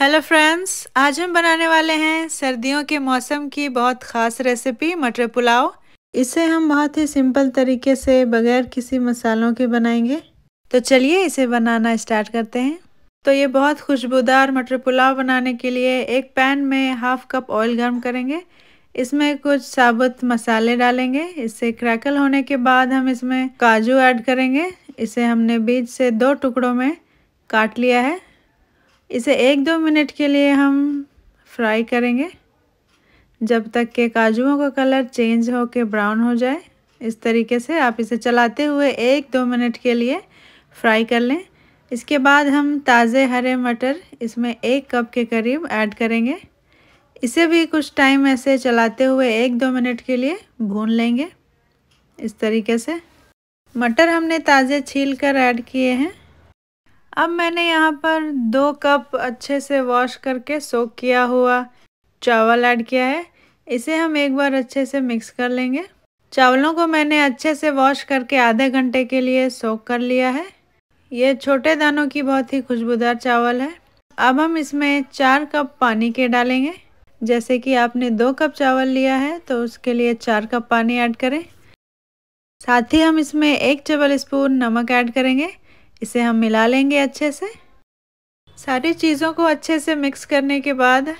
hello friends आज हम बनाने वाले हैं सर्दियों के मौसम की बहुत ख़ास रेसिपी मटर पुलाव इसे हम बहुत ही सिंपल तरीके से बगैर किसी मसालों के बनाएंगे तो चलिए इसे बनाना स्टार्ट करते हैं तो ये बहुत खुशबूदार मटर पुलाव बनाने के लिए एक पैन में हाफ कप ऑयल गर्म करेंगे इसमें कुछ साबुत मसाले डालेंगे इससे क्रैकल होने के बाद हम इसमें काजू ऐड करेंगे इसे हमने बीज से दो टुकड़ों में काट लिया है इसे एक दो मिनट के लिए हम फ्राई करेंगे जब तक के काजुओं का कलर चेंज हो के ब्राउन हो जाए इस तरीके से आप इसे चलाते हुए एक दो मिनट के लिए फ्राई कर लें इसके बाद हम ताज़े हरे मटर इसमें एक कप के करीब ऐड करेंगे इसे भी कुछ टाइम ऐसे चलाते हुए एक दो मिनट के लिए भून लेंगे इस तरीके से मटर हमने ताज़े छील कर ऐड किए हैं अब मैंने यहाँ पर दो कप अच्छे से वॉश करके सोक किया हुआ चावल ऐड किया है इसे हम एक बार अच्छे से मिक्स कर लेंगे चावलों को मैंने अच्छे से वॉश करके आधे घंटे के लिए सोक कर लिया है ये छोटे दानों की बहुत ही खुशबूदार चावल है अब हम इसमें चार कप पानी के डालेंगे जैसे कि आपने दो कप चावल लिया है तो उसके लिए चार कप पानी ऐड करें साथ ही हम इसमें एक टेबल स्पून नमक ऐड करेंगे इसे हम मिला लेंगे अच्छे से सारी चीज़ों को अच्छे से मिक्स करने के बाद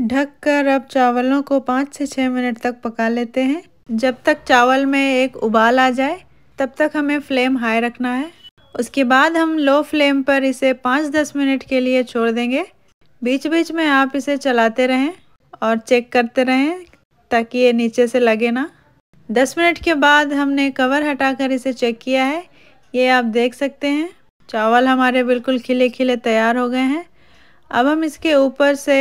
ढक कर अब चावलों को पाँच से छः मिनट तक पका लेते हैं जब तक चावल में एक उबाल आ जाए तब तक हमें फ्लेम हाई रखना है उसके बाद हम लो फ्लेम पर इसे पाँच दस मिनट के लिए छोड़ देंगे बीच बीच में आप इसे चलाते रहें और चेक करते रहें ताकि ये नीचे से लगे ना दस मिनट के बाद हमने कवर हटाकर इसे चेक किया है ये आप देख सकते हैं चावल हमारे बिल्कुल खिले खिले तैयार हो गए हैं अब हम इसके ऊपर से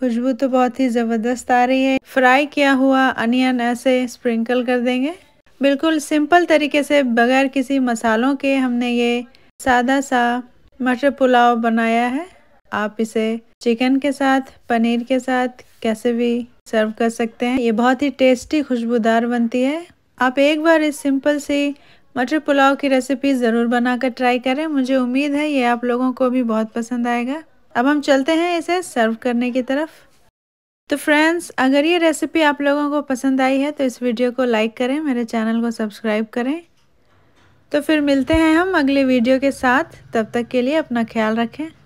खुशबू तो बहुत ही ज़बरदस्त आ रही है फ्राई किया हुआ अनियन ऐसे स्प्रिंकल कर देंगे बिल्कुल सिंपल तरीके से बगैर किसी मसालों के हमने ये सादा सा मटर पुलाव बनाया है आप इसे चिकन के साथ पनीर के साथ कैसे भी सर्व कर सकते हैं ये बहुत ही टेस्टी खुशबूदार बनती है आप एक बार इस सिंपल सी मटर पुलाव की रेसिपी ज़रूर बनाकर ट्राई करें मुझे उम्मीद है ये आप लोगों को भी बहुत पसंद आएगा अब हम चलते हैं इसे सर्व करने की तरफ तो फ्रेंड्स अगर ये रेसिपी आप लोगों को पसंद आई है तो इस वीडियो को लाइक करें मेरे चैनल को सब्सक्राइब करें तो फिर मिलते हैं हम अगले वीडियो के साथ तब तक के लिए अपना ख्याल रखें